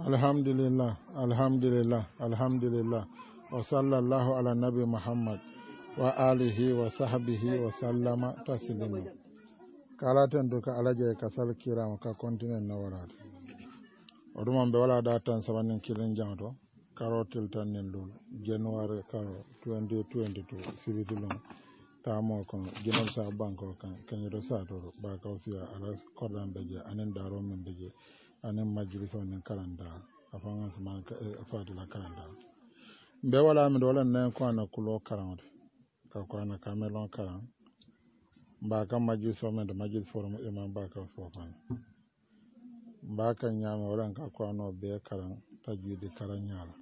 alhamdulillah alhamdulillah alhamdulillah wa sallallahu ala nabi muhammad wa alihi wa sahbihi wa sallama taslima kalaten duka alaje kasal kirama ka continue nawarade oɗumon ɓe wala ɗa tan samanin kilin jangto karotel tan nin ɗum januari karo 22 22 sibiti ɗum tamo kon guinol sa banque o kan kañeɗo satoro ɓa kaw siya ala koɗɗan ɓe je anen daro men ɓe je anin majalisa wannan karanta a fangan su man fadila karanta be wala mi do lan nan kwana kulo karanta ka kwana kamelon karan ba kan majalisa men da majlis forum imam e ba kan sofan ba kan mu wala ka kwano be karan tajwidi karan yara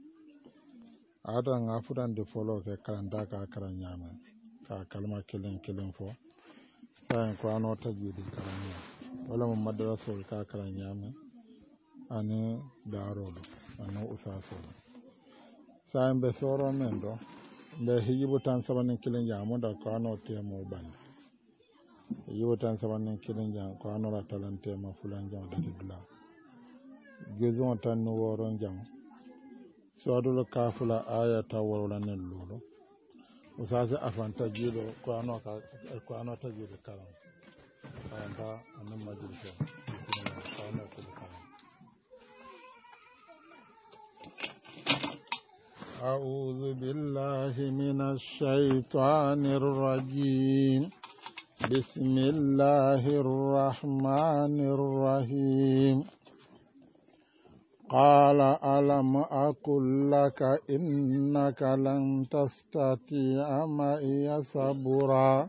ata nga fudan de folo ka karanta ka karan mu ka kalma kelen kelen fo ta kwano tajwidi karan yara wala mun madrasol ka karan nyama ani daroɗo ani usasoɗo sayen ɓe soro men ɗo nde hijibo tan sabanin kilin jamuda ko ano temo bani hijibu tan sabanin kilin jam ko anora talan tema fulan jam tati dula jusuŋo tan ni woron jam sodulo kafula aya taw wolwolanen luulo usase afanta jiiɗo ko ano ko ta tajiɗo kalan awanta anin majjirte ko kulu أعوذ بالله من الشيطان الرجيم بسم الله الرحمن الرحيم قال ألم أكن لك إنك لن تستطيع معي صبرا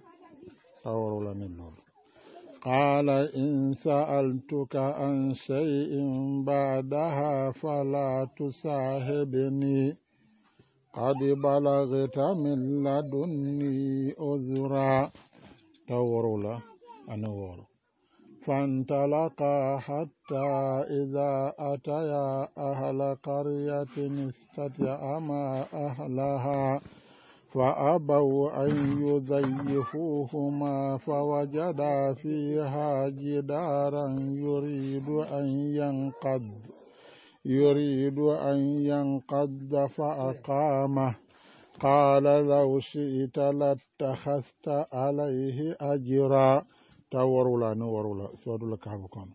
قال إن سألتك عن شيء بعدها فلا تصاحبني قد بلغت من لدني أذرا تورولا أنا ورو فانطلقا حتى إذا أتيا أهل قرية استطعما أهلها فأبوا أن يزيفوهما فوجدا فيها جدارا يريد أن ينقذ يريد أن ينقض فأقامه قال لو شئت لاتخذت عليه أجرا تورلا نورلا سورلا كهبكم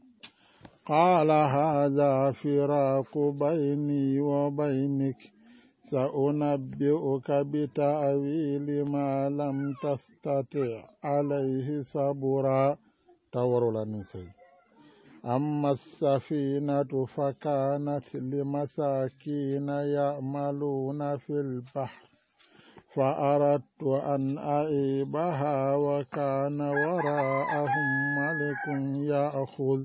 قال هذا فراق بيني وبينك سأنبئك بتأويل ما لم تستطع عليه صبرا تورلا نسي أما السفينة فكانت لمساكين يأملون في البحر فأردت أن أعيبها وكان وراءهم ملك يأخذ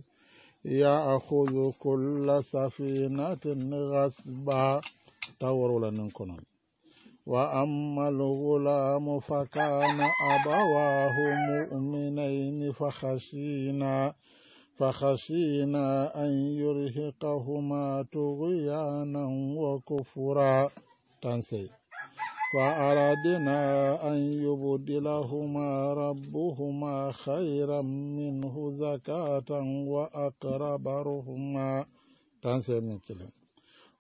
يأخذ كل سفينة غصبا توروا لنكنا وأما الغلام فكان أبواه مؤمنين فخشينا فخشينا أن يرهقهما طغيانا وكفرا تنسي فأردنا أن يبدلهما ربهما خيرا منه زكاة وأقرب رهما تنسي من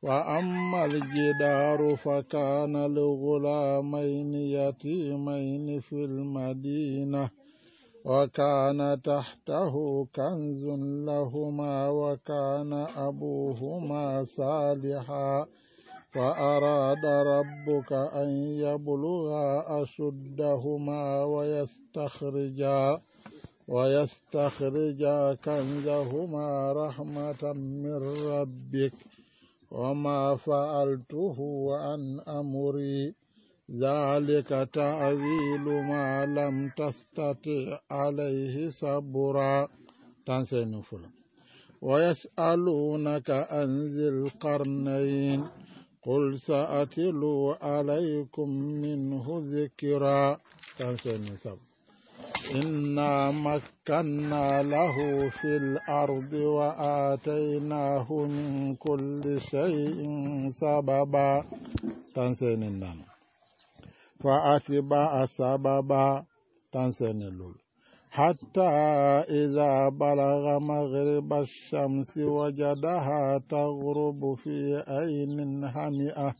وأما الجدار فكان لغلامين يتيمين في المدينة وكان تحته كنز لهما وكان أبوهما صالحا وأراد ربك أن يبلغا أشدهما ويستخرجا ويستخرجا كنزهما رحمة من ربك وما فعلته عن أمري ذلك تأويل ما لم تستطع عليه صبرا تنسين فلان ويسألونك عن ذي القرنين قل سأتلو عليكم منه ذكرا تنسين إنا مكنا له في الأرض وآتيناه من كل شيء سببا تنسين النام fa atba sababa اللول حتى إذا بلغ مغرب الشمس وجدها تغرب في أين هنئة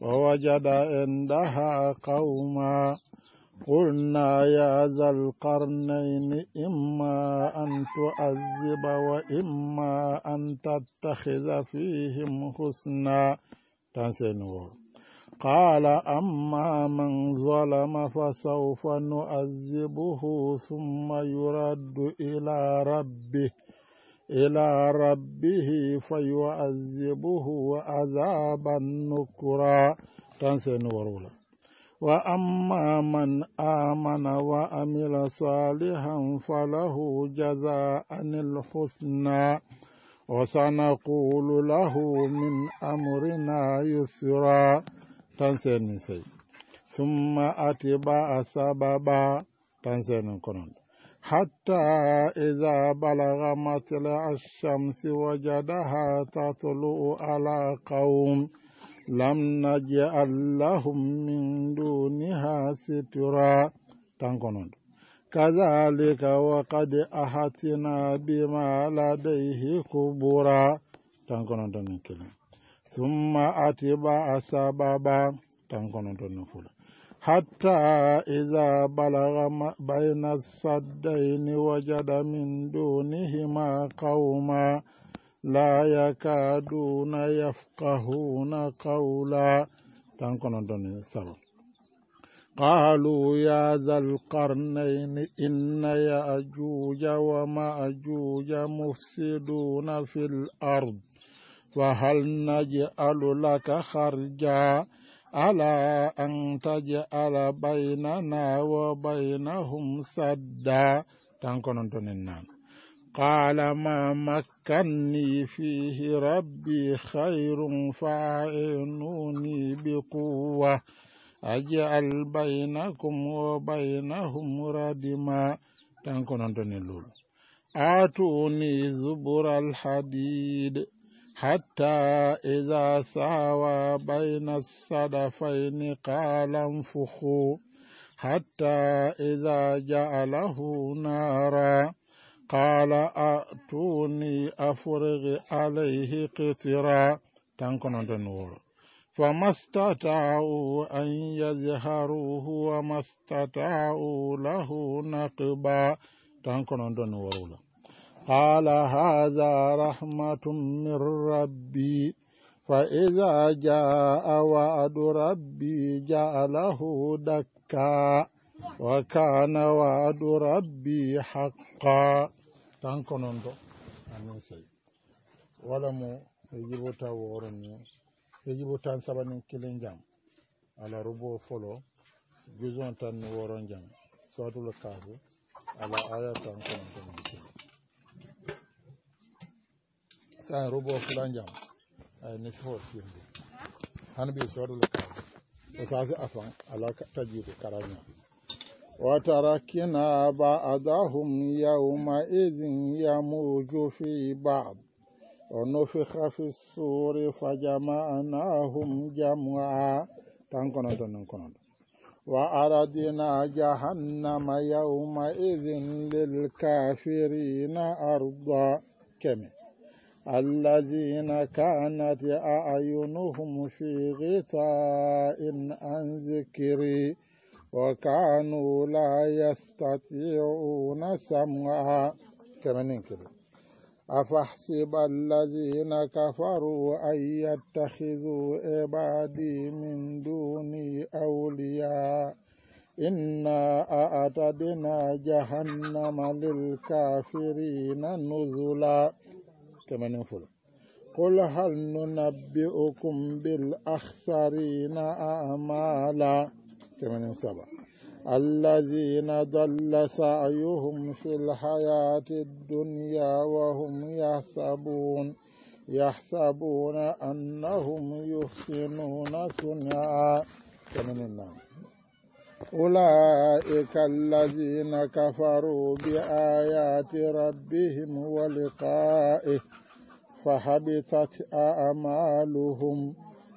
ووجد عندها قوما قلنا يا ذا القرنين إما أن تعذب وإما أن تتخذ فيهم حسنا اللول قال أما من ظلم فسوف نؤذبه ثم يرد إلى ربه إلى ربه فيعذبه عذابا نكرا تنسين ورولا وأما من آمن وأمل صالحا فله جزاء الحسنى وسنقول له من أمرنا يسرا tansenin sai sun ma ba a saba ba tansenin konon hatta e za a bala ga matsala shamsi waje da ha ta ala kawun lamna ji allahun min duni ha si tura tankonon ka za a leka wa kade a hati na bi ma ala da ihe kubura tankonon domin summa atiba asababa tankono ton no fula hatta iza balaga bayna saddaini wajada min dunihima qawma la yakaduna yafkahuna qawla tankono ton sabab qalu ya za lqarnaini inna yajuja wa majuja mufsiduna fi lard فهل نجعل لك خرجا ألا أن تجعل بيننا وبينهم سدا قال ما مكني فيه ربي خير فاعينوني بقوة أجعل بينكم وبينهم ردما تنكون أنتوني آتوني زبر الحديد حتى إذا ساوى بين الصدفين قال انفخوا حتى إذا جعله نارا قال أتوني أفرغ عليه قطرا فما استطاعوا أن يظهروه وما استطاعوا له نقبا تنكن دون ورولا قال هذا رحمة من ربي فإذا جاء وعد ربي جعله دكا وكان وعد ربي حقا تنكنند أنسي ولم يجب تورني يجب تنسبن كلن جام على ربو فلو جزون تنورن جام سوات الكاف على آية تنكنند بسم الله كان آه، روبو فلان جام آه، نسخه سيمبي هن بي سوار لك بس هذا أفان على تجيب كرامي وتركنا بعضهم يومئذ يموج في بعض ونفخ في الصور فجمعناهم جمعا تنكونا تنكونا وأردنا جهنم يومئذ للكافرين أرضا كمي الذين كانت أعينهم في غطاء عن ذكري وكانوا لا يستطيعون سمعا ثمانين كده أفحسب الذين كفروا أن يتخذوا عبادي من دوني أولياء إنا أعتدنا جهنم للكافرين نزلا تمانين فلو قل هل ننبئكم بالأخسرين أعمالا تمانين سبعة الذين ضل سعيهم في الحياة الدنيا وهم يحسبون يحسبون أنهم يحسنون صنعا أولئك الذين كفروا بآيات ربهم ولقائه فهبطت أعمالهم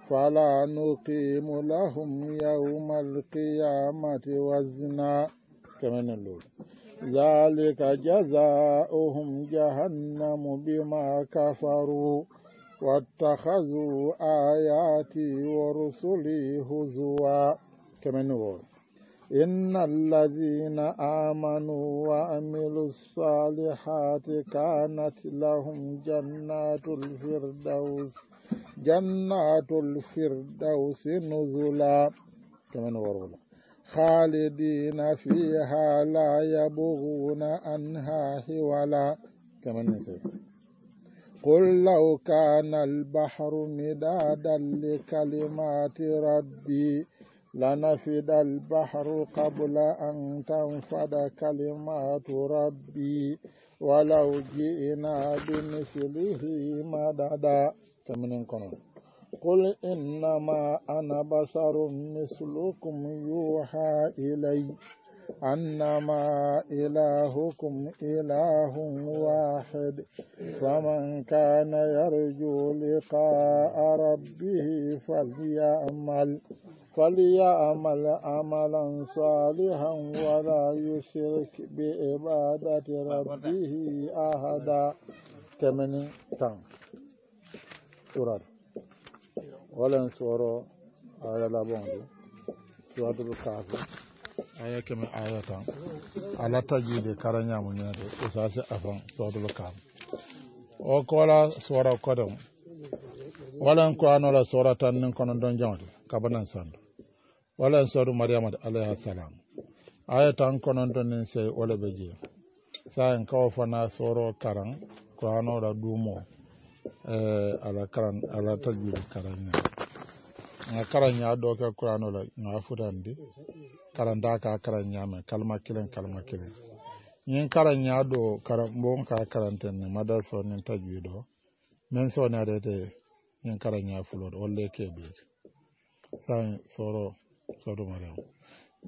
فلا نقيم لهم يوم القيامة وزنا كمان الأولى ذلك جزاؤهم جهنم بما كفروا واتخذوا آياتي ورسلي هزوا كمان الأولى إن الذين آمنوا وعملوا الصالحات كانت لهم جنات الفردوس جنات الفردوس نزلا كمان ورولا خالدين فيها لا يبغون عنها حولا كمان نسيت قل لو كان البحر مدادا لكلمات ربي لنفد البحر قبل أن تنفد كلمات ربي ولو جئنا بمثله مددا قل إنما أنا بشر مثلكم يوحى إلي أنما إلهكم إله واحد فمن كان يرجو لقاء ربه فليعمل فليعمل عملا صالحا ولا يشرك بعبادة ربه أحدا كمن تام سورة ولن سورة على آية لابوندو سورة الكافر aya keme aya kan ala de tajide karañamu ñinete usasi afan sohdoɓe kam o kola sora kodom walan ko anola sora tan nin kono don jawde kabanan sandu walan sodu mariamade alayha salam aya tan konon don nin sey wala ɓe je, sahen kawo fana soro karan ko anoɗa ɗumo eh, ala karan ala tajide karañamu nga karaña ɗoke kuranola nga futandi karanda ka karañame kalma kilen kalma kilen ñin karaña ɗo kara mbon ka karantenne madarso nin tajui ɗo min soni adete ñin karaña fulor walle keɓeji sa soro sorumarem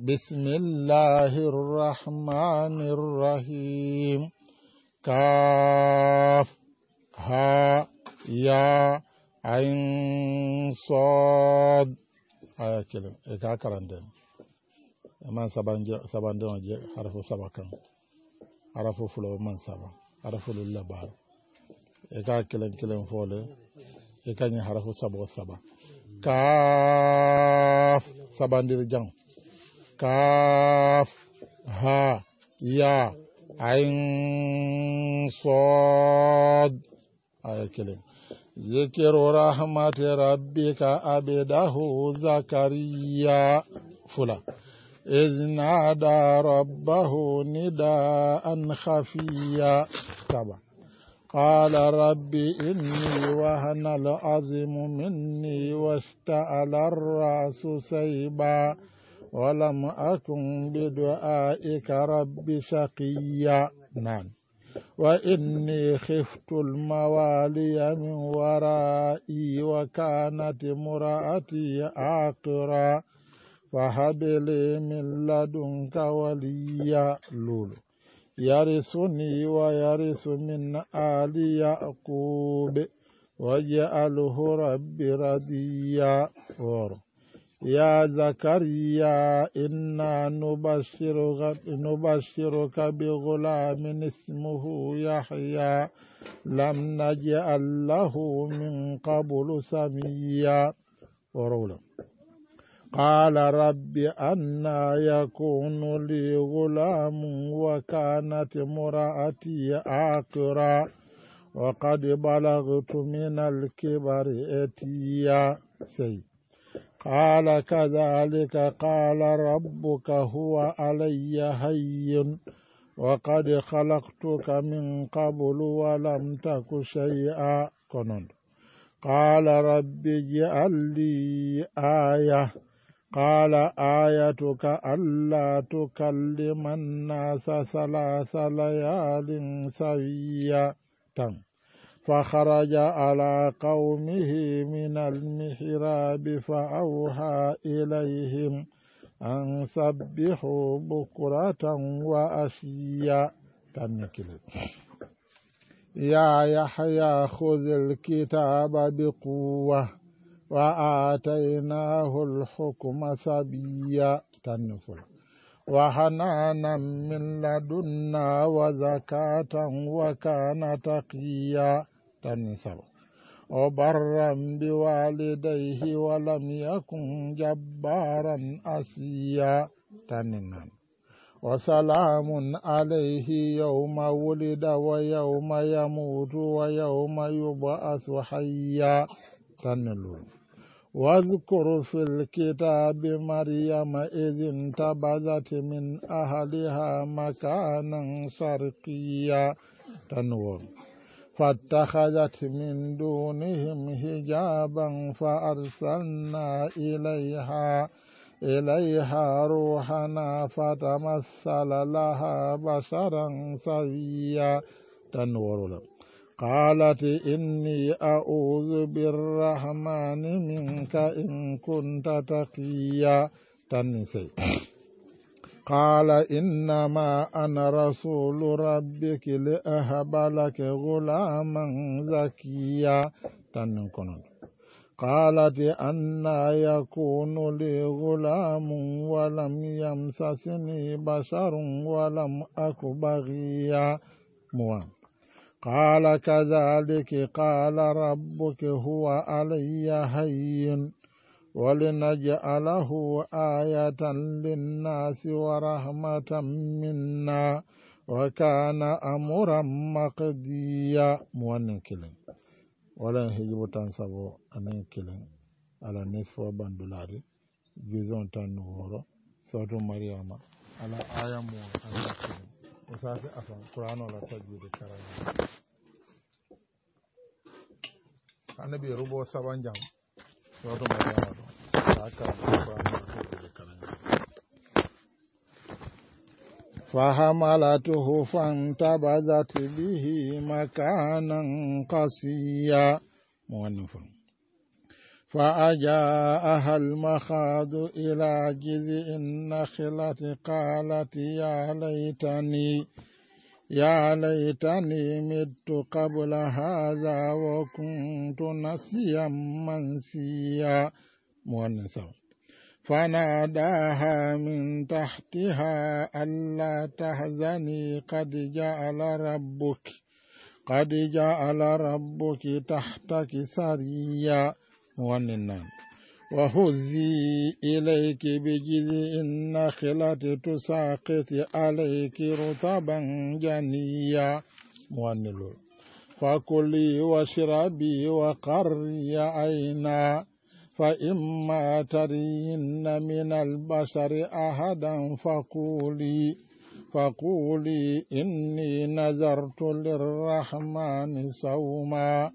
bismillahi rrahmani rrahim kaf ha ya ayin sod aya kelen e ka karanden e man sabandema je harafu saba kan harafu fulo man saba harafu lulla baro e ka kelen kelen fole e kañi harafu saba o saba kaaf sabandir jang kaaf ha ya ayin sod aya kelen Zikiru rahmati Rabi ka abidahu Zakiyya fula. Izin nada Rabahu ni da an hafi ya taɓa. Kala Rabi in ni wahala azim min ni wasu ta'allarra sosai ba, wala mu a kunbi do'a-ika Rabi Zakiyya nan. wa inni khiftu lmawaliya min wara'i wa kanat imra'ati aqira fahabili min ladunka waliya lulu yarisuni wa yarisu min ali yaqube wajaalhu rabbi radiya woro يا زكريا إنا نبشرك, نبشرك بغلام اسمه يحيى لم نجعل له من قبل سميا ورولا قال رب أنا يكون لي غلام وكانت مرأتي عاقرا وقد بلغت من الكبر اتيا سيد قال كذلك قال ربك هو علي هين وقد خلقتك من قبل ولم تك شيئا كنون قال رب اجعل لي آية قال آيتك ألا تكلم الناس ثلاث ليال سويا تم فخرج على قومه من المحراب فأوحى إليهم أن سبحوا بكرة وأشيا يا يحيى خذ الكتاب بقوة وآتيناه الحكم صبيا تنفل وحنانا من لدنا وزكاة وكان تقيا tanni saba وبرا بوالديه ولم يكن جبارا أسيا تننان وسلام عليه يوم ولد ويوم يموت ويوم يبعث حيا تنلون واذكر في الكتاب مريم إذ انتبذت من أهلها مكانا شرقيا تنور فاتخذت من دونهم حجابا فأرسلنا إليها إليها روحنا فتمثل لها بشرا سويا تنور قالت إني أعوذ بالرحمن منك إن كنت تقيا تنسي قال إنما أنا رسول ربك لأهب لك غلاما زكيا تنكون قالت أنا يكون لي غلام ولم يمسسني بشر ولم أك بغيا موان قال كذلك قال ربك هو علي هين ولنجعله آية للناس ورحمة منا وكان أمرا مقديا مونن كلن ولن هجب تنسبو أنن كلن على نصف بندولاري جزون تنورو صوت مريم على آية مون أنن كلن وصافي أفهم قرآن ولا تجد كرامة أنا بيربو سبان جام صوت مريم أفهم فحملته فانتبذت به مكانا قسيا مؤنف فأجاءها المخاض إلى جذع النخلة قالت يا ليتني يا ليتني مت قبل هذا وكنت نسيا منسيا mu wannan sau فناداها من تحتها ألا تحزني قد جعل ربك قد جعل ربك تحتك سريا وننام وهزي إليك بجذع النخلة تساقط عليك رطبا جنيا ونلو فكلي واشربي وقري عينا فإما ترين من البشر أحدا فقولي فقولي إني نذرت للرحمن صوما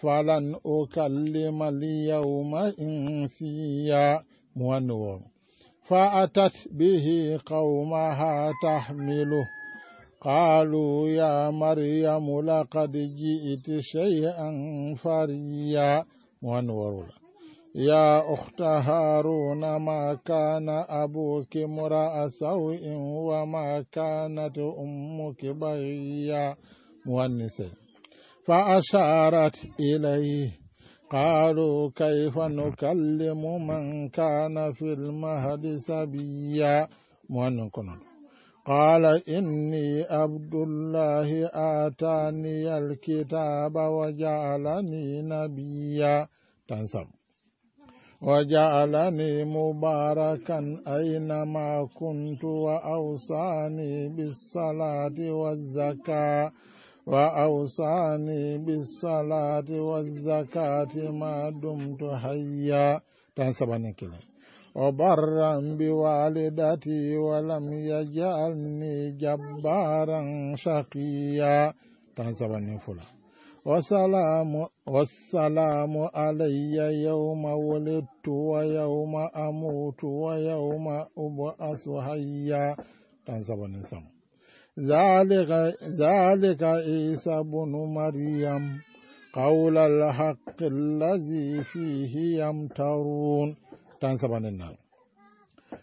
فلن أكلم اليوم إنسيا ونور فأتت به قومها تحمله قالوا يا مريم لقد جئت شيئا فريا ونور ya ukhta haruna ma kana abuki mura'a sawin wa ma kanat ummuki bayya muwannise fa asharat ilayhi qalu kayfa nukallimu man kana fi lmahdi sabiya muwannin kono qala inni abdullahi ataniya alkitaba wa jaalani nabiya tansamu وجعلني مباركا أينما كنت وأوصاني بالصلاة والزكاة وأوصاني بالصلاة والزكاة ما دمت حيا وبرا بوالدتي ولم يجعلني جبارا شقيا تنسبني فلان وسلام والسلام علي يوم ولدت ويوم أموت ويوم أبعث حيا ذلك ذلك عيسى بن مريم قول الحق الذي فيه يمترون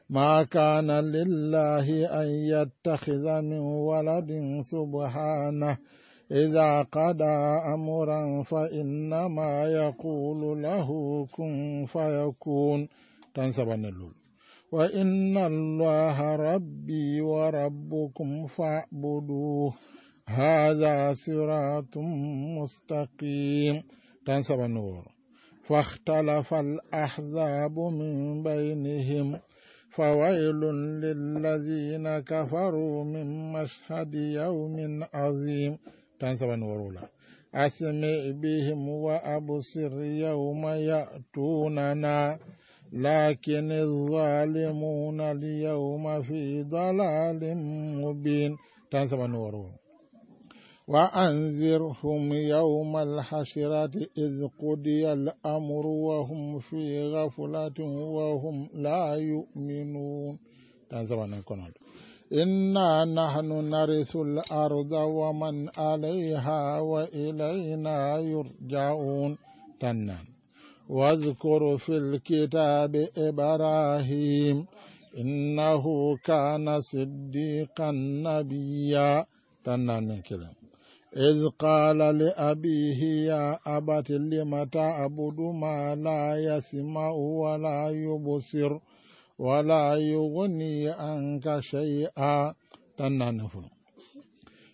ما كان لله أن يتخذ من ولد سبحانه إذا قدى أمرا فإنما يقول له كن فيكون تنسب نلول وإن الله ربي وربكم فاعبدوه هذا صراط مستقيم تنسب نور فاختلف الأحزاب من بينهم فويل للذين كفروا من مشهد يوم عظيم tan saba ni wɔɔrɔw la asimi bihim wa abusir yawma ya'tunana lakin zalimuna liyawma fi dalalin mubin tan saba ni wɔɔrɔw وأنذرهم يوم الحشرة إذ قضي الأمر وهم في غفلة وهم لا يؤمنون تنزل عن inna nahnu narisu l arda wa man alayha wa ilayna yurjaun tannan wadkuru fi lkitabi ibrahim innahu kana siddiqan nabiya tannan min kilam id qala li abihi ya abati lima taabudu ma la yasmau wala yubsiru wala yughni anka shay'a tannan nafulu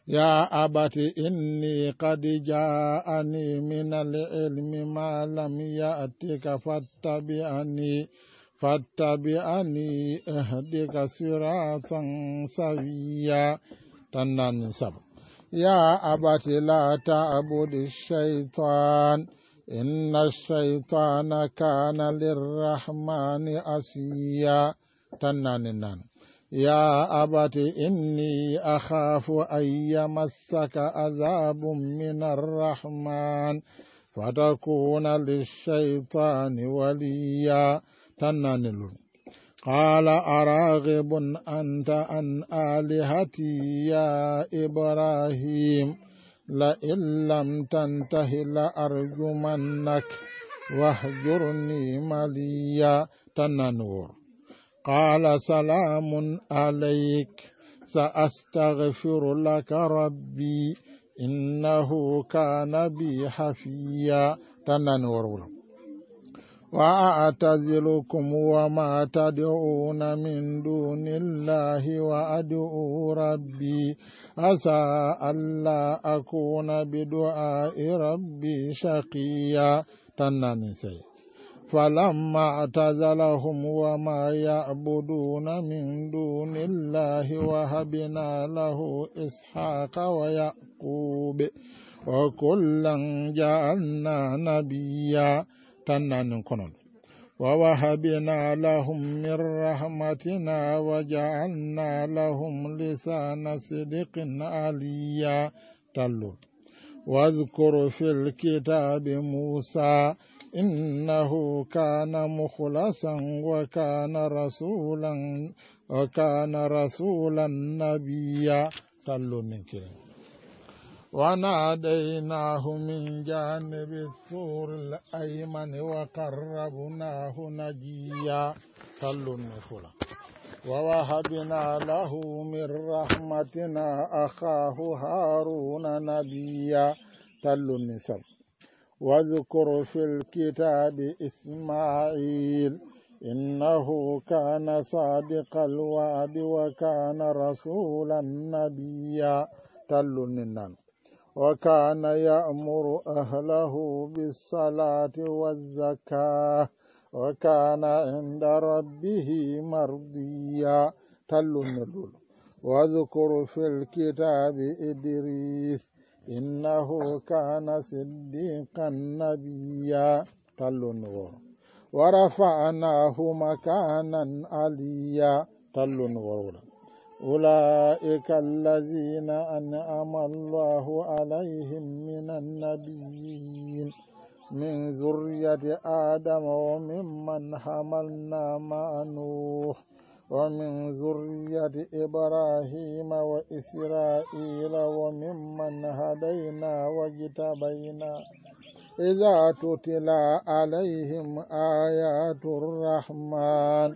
ya abati inni qad ja'ani min al-ilmi ma lam ya'tika fattabi'ani fattabi'ani ahdika siratan sawiya tannan sabu ya abati la ta'budu shaytan إن الشيطان كان للرحمن أسيا تناننان يا أبت إني أخاف أن يمسك عذاب من الرحمن فتكون للشيطان وليا تنانلون قال أراغب أنت عن آلهتي يا إبراهيم لئن لم تنته لأرجمنك واهجرني مليا تنور قال سلام عليك سأستغفر لك ربي إنه كان بي حفيا تنور wa'a atazilukum wa ma tad'una min dunillahi wa ad'u rabbi asa alla akuna bidu'ai rabbi shaqiya tannani sai falamma atazalahum wa ma ya'buduna min dunillahi wa habina lahu ishaqa wa ya'qube wa kullan ja'alna nabiya tan nanin konon wawahabina lahum min rahmatina wajaalna lahum lisana sidikin aliya tallol wadkur fi lkitabi musa innahu kana mukhlasan wakana rasulan wakana rasulan nabiya tallo min kirin وناديناه من جانب الثور الأيمن وقربناه نجيا صلوا النفلة ووهبنا له من رحمتنا أخاه هارون نبيا تلو النسب واذكر في الكتاب إسماعيل إنه كان صادق الوعد وكان رسولا نبيا تلو النن وكان يأمر أهله بالصلاة والزكاة وكان عند ربه مرضيا تل النلول واذكر في الكتاب إدريس إنه كان صديقا نبيا تل النور ورفعناه مكانا عليا تل النور أولئك الذين أنعم الله عليهم من النبيين من ذرية آدم وممن حملنا مع نوح ومن ذرية إبراهيم وإسرائيل وممن هدينا واجتبينا إذا تتلى عليهم آيات الرحمن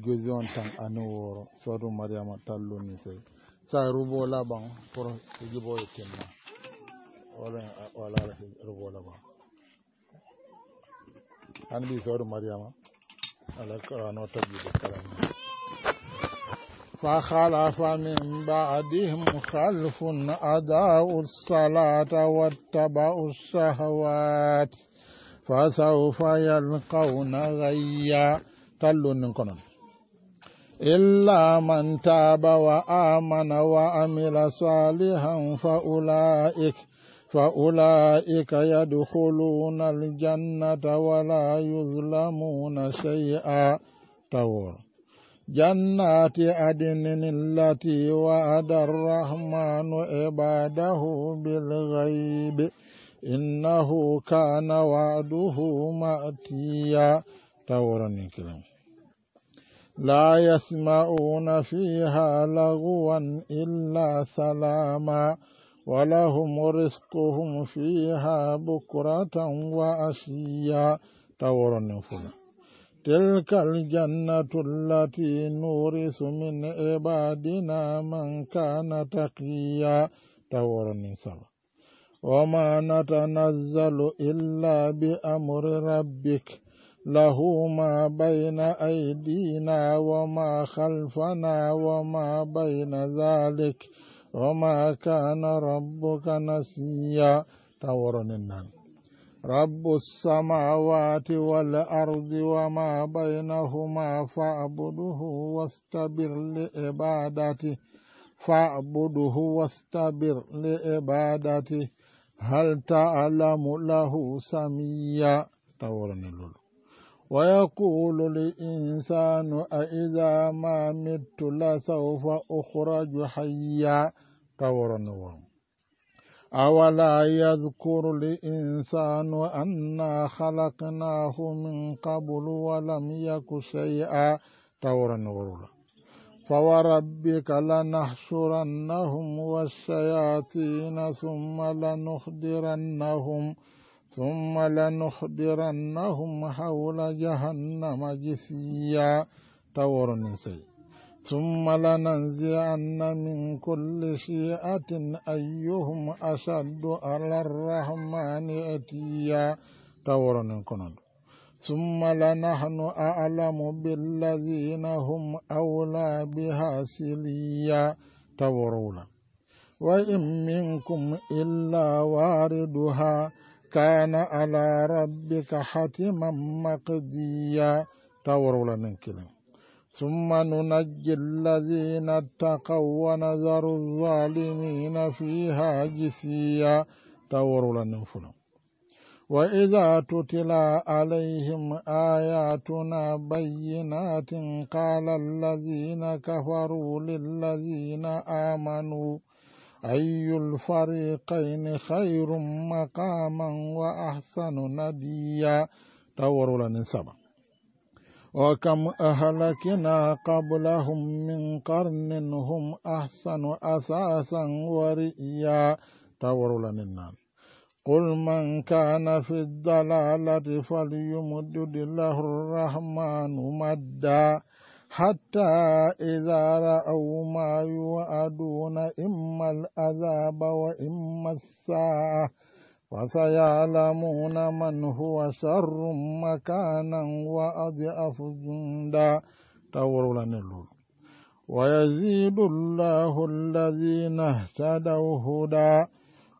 juzi tan ani wooro mariama mariyama ni sey sa rubo laɓan pour jiboye tinna walaala rubo laɓan an bi sootu mariama ala ka no korano taƴƴude kalama فخلف من بعدهم خلف أداءوا الصلاة واتبعوا الشهوات فسوف يلقون غيا تلون كنون إلا من تاب وآمن وعمل صالحا فأولئك فأولئك يدخلون الجنة ولا يظلمون شيئا تور جنات عدن التي وعد الرحمن عباده بالغيب إنه كان وعده مأتيا تورني كلمه لا يسمعون فيها لغوا إلا سلاما ولهم رزقهم فيها بكرة وأشيا تورن فلا تلك الجنة التي نورث من عبادنا من كان تقيا تورن سوا وما نتنزل إلا بأمر ربك ۖ له ما بين أيدينا وما خلفنا وما بين ذلك وما كان ربك نسيا تورن النار رب السماوات والأرض وما بينهما فاعبده واستبر لعبادته فاعبده واستبر لعبادته هل تعلم له سميا تورن اللولو ويقول الإنسان أإذا ما مت لسوف أخرج حيا تورنوا أولا يذكر الإنسان أنا خلقناه من قبل ولم يك شيئا تورنوا فوربك لنحشرنهم والشياطين ثم لنخدرنهم ثم لنحضرنهم حول جهنم جسيا تورن سي ثم لننزعن من كل شيئة أيهم أشد على الرحمن عتيا تورن كنن ثم لنحن أعلم بالذين هم أولى بها سليا تورولا وإن منكم إلا واردها kana na alharabbi hatiman maƙiziya ta wurwulan nufin, su ma nu naƙilin lazinyata kawo nazarin zalimi na fi hajisiya ta wurwulan nufin. Wa izatu tutila alayhimma ya tuna bayyana tinkalan lazinyata, kafar wulin lazinyata na amanu. أي الفريقين خير مقاما وأحسن نديا تور لنا سبع وكم أهلكنا قبلهم من قرن هم أحسن أساسا ورئيا تور لنا النار قل من كان في الضلالة فليمدد له الرحمن مدا حتى إذا رأوا ما يوعدون إما العذاب وإما الساعة وسيعلمون من هو شر مكانا وأضعف جندا ويزيد الله الذين اهتدوا هدى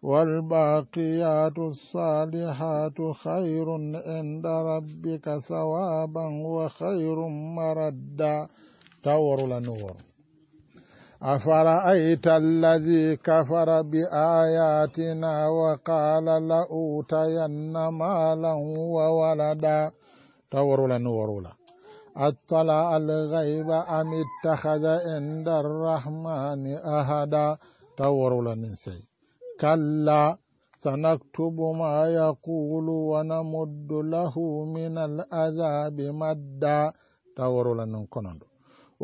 والباقيات الصالحات خير عند ربك ثوابا وخير مردا تور لنور أفرأيت الذي كفر بآياتنا وقال لأوتين مالا وولدا تور لنور أطلع الغيب أم اتخذ عند الرحمن أهدا تور لننسي kalla sanaktubu ma yaqulu wa namuddu lahu min al azabi madda tawarula non kononɗo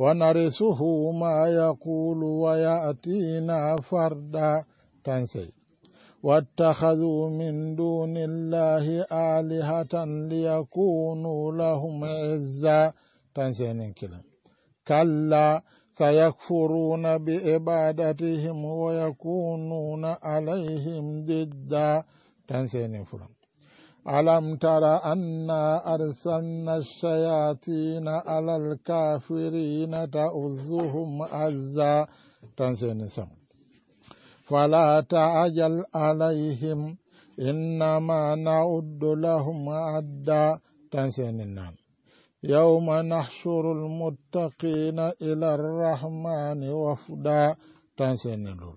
wa narisuhu ma yaqulu wa yatina farda tansey wattakhadu min duni llahi alihatan liyakunu lahum izza tansey nen kila kalla فيكفرون بعبادتهم ويكونون عليهم ضدا تنسينفر ألم تر أنا أرسلنا الشياطين على الكافرين تؤذهم أزا تنسينس فلا تعجل عليهم إنما نعد لهم عدا تنسينن يوم نحشر المتقين إلى الرحمن وفدا تنسينلول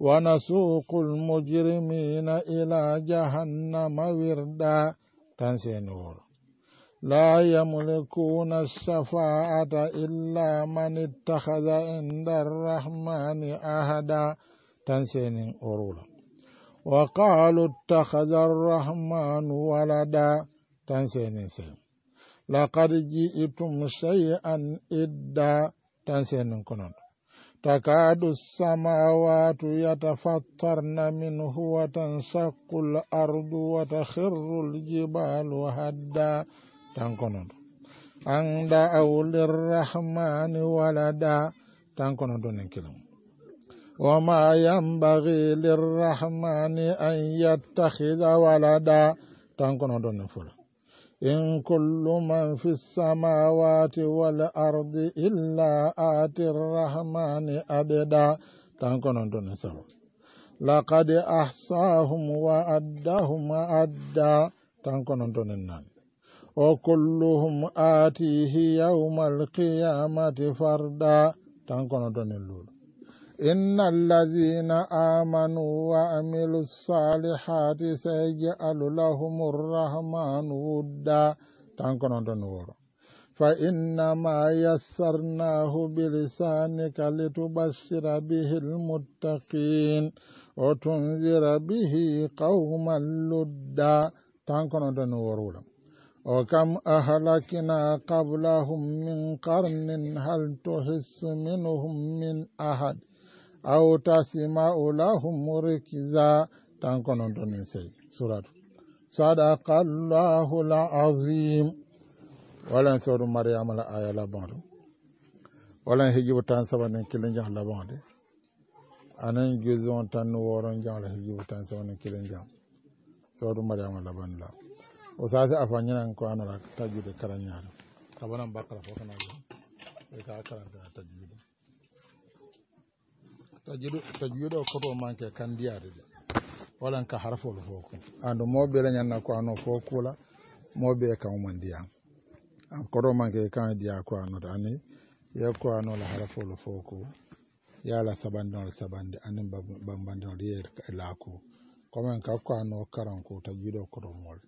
ونسوق المجرمين إلى جهنم وردا تنسينلول لا يملكون الشفاعة إلا من اتخذ عند الرحمن أهدا تنسين أرولا وقالوا اتخذ الرحمن ولدا تنسين سين لقد جئتم شيئا إدا تنسين كنون تكاد السماوات يتفطرن منه وتنشق الأرض وتخر الجبال هدا تنكنون أن دعوا للرحمن ولدا تنكنون دون وما ينبغي للرحمن أن يتخذ ولدا تنكنون دون إن كل من في السماوات والأرض إلا آتي الرحمن أبدا تنكون أنتون سوا لقد أحصاهم وأدهم أدا تنكون أنتون النان وكلهم آتيه يوم القيامة فردا تنكون أنتون اللول inna allazina amanu wa amilu salihati sayjaalu lahum rrahmanu wudda tan ko noon to ni woro fa innama yassarnahu bilisanika litubashira bihi lmuttaqin o tunzira bihi qauman ludda tan ko noon to ni woro wulam o kam ahlakina qablahum min qarnin hal tuhissu minhum min ahad aw tasima ulahum murkiza tan kononton nin sey suratu sadakallahu alazim walan sodu mariama la aya la labandu walan hijibu tan sabanin kilin jang labande anan gizon tan woron jang la hijibu tan sabanin kilin jang sodu mariama labandu la o sasi afañinan ko anara tajjude karañaado kabanan bakara fo kana ka karantena tajjude tajuɗo koto manke kandiyade de walan ka harfol fo ko andu moɓele ñanna ko ano fo kula moɓe kan mo ndiya koto manke kan diya ko anoto ani ya ko anola harfol fo ko yala sabandinol sabande anin bambandinol yeyer laako commen ka ko ano karan ko tajuɗo koto mol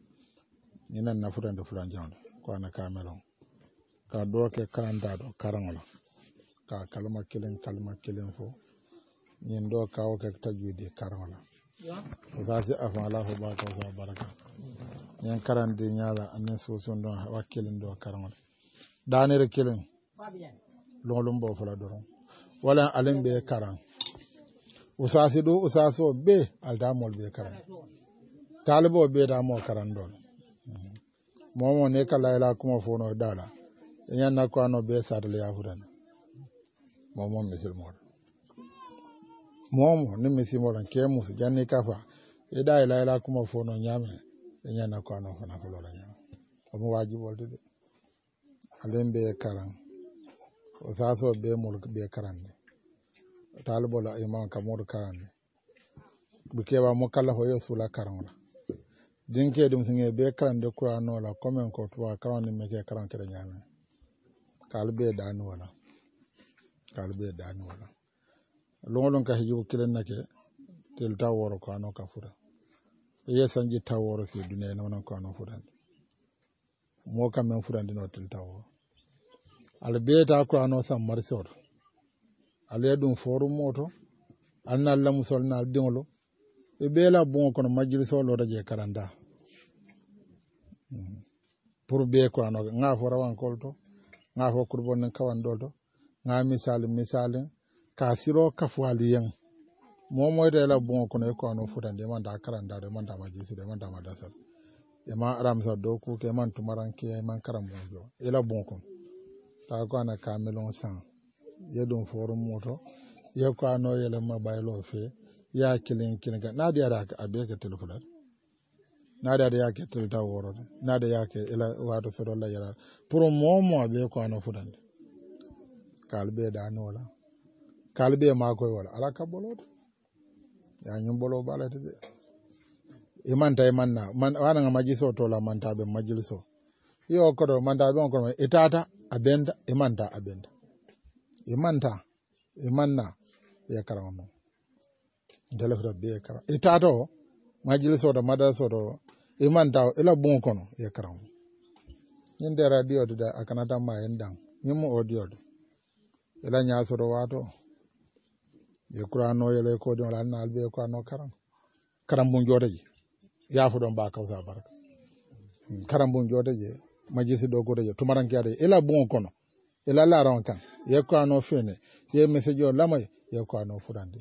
ñinen nafutande fulanjonde ko ana kameron ka doke karandaɗo karaŋola ka kalma kelen kalma kelen fo ñin ɗo kawo kek tajuude karola sa si afa ala hubaka wasa baraka ñin karandi ñaala anin susun ɗon wakkilin ɗo karola daniri kilin lolum bo fula doron wala alin ɓe karan usasi ɗo usasi o ɓe aldamol ɓe karan talibo ɓe damo karan ɗon momo ne ka layla kuma fono dala ñannakoano ɓe satalayafudana momo misilmoɗo momo ni misi mo ran ke musu jani kafa e dai la la kuma fo no nyame e nyana ko no fo na fo lora nyame o mu waji bol de alen be karan o sa so be mul be karan de talbo la imam ka mur karan de bu ke wa mo kala ho yo sula karan la din ke dum singe be karan de kura no la komen ko to wa karan ni me ke karan tere nyame kalbe danu wala kalbe danu wala longolon ka hijibu na ke tel ta woro ko ano ka futa ye sanji ta woro si duniya no non ko ano futandi mo kam men futandi no tel ta woro ala beta ko ano sam marsoto ala dum forum moto anna alla musol na dingolo e bela bon kono majliso lo je karanda mm-hmm. pour be ko ano nga fo rawan kolto nga fo kurbon kawan dolto nga misal misalen kasiro kafwaliyan momoy da la bon kono ko no fudan de man da karan da de man da ma jisi de man da ma dasar e ma aram sa do ku ke man tumaran ke e man karam bon jo e la bon kon ta ko na kamelon san ye don forum moto ye ko no ye la ma baylo fe ya kilin kilin ga na da da abe ka telefonar na da y'a ya ke tilta woro na da ya ke ila e wato soro la yara pour momo abe ko no fudan kalbe da no la kalbe makoye wala ala kabboloto yañum ɓolo ɓalata de e manta e manna waɗaga majlis o tola mantaɓe majlis o yo koɗo mantaɓe on kono e tata a e manta a benda e manta e manna e karama noon delefta be e karama e tata o majlis oto madarasa oto e manta o ela buŋo kono ya karama ñin de radio da a kanata ma hen ɗan ñimmo ila nya ela ñasoro wato e kurano yele ko de wala na albe kurano karam karam bon jodaji yafo don ba kawsa baraka hmm, karam bon jodaji majisi do godaji tumaran kiade ila bon kono ila la ron kan ye kurano fene ye message o lamay ye kurano furande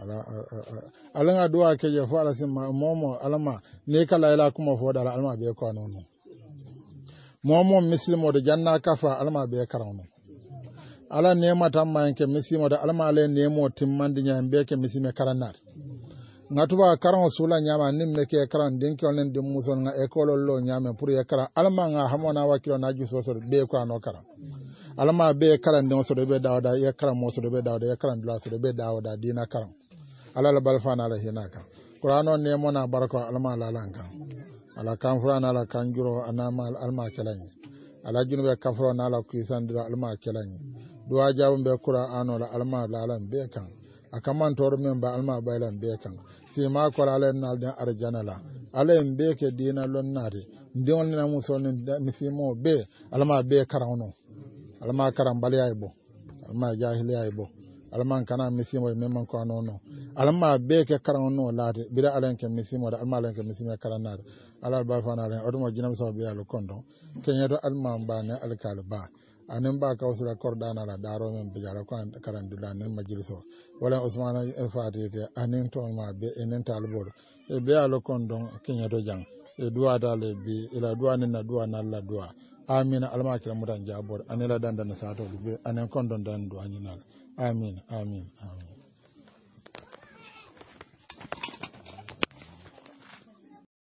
ala ala nga do ake je fo ala sima momo alama ne kala ila kuma fo dala alama be kurano no momo muslimo de janna kafa alama be karano no ala nema tan ma en ke misima de alama ala nemo timmande ñaa mbe ke misime karannaate nga tuba karao suula ñaama nimne ke karan dinkel nen di muson nga école ollo ñaamen pour ye karan alama nga hamona wakkilo na jusoo soɗo ɓee kuano karan alama ɓee karandio soɗo ɓe dawda ye karan mo soɗo ɓe dawda ye karan dula soɗo ɓe dawda dina karan alala balfana ala hina kan kurano nemona barako alama lalan kan ala kan furana ala kan juro anama alma kelañi ala junuɓe kafuro na ala kuisandira alma kelañi duwa jabun be qur'ano la alma la alam be kan akaman toro men ba alma ba lan be kan si ma ko la len nal den arjana la alen be ke dina lon nare ndion na muso ni misimo be alma be karano alma karam bali ay bo alma jahili ay bo alma kana misimo men man ko anono alma be ke karano laade bida alen ke misimo da alma alen ke misimo karanare alal ba fana alen odumo jinam so be yalo kondo kenyedo ne alikali baa. a nan ba da na kawsira korɗanala ɗaromen bejara ko karandula anin majlis o wala ke a nan toon ma be a nan talibor e be alo don kin yato jan e duwa le bi ila e duwa nan na duwa la duwa amina almakila mutan dan anila dandana satoɗo be anen kon ɗon dan duwa ñinala amin amin amin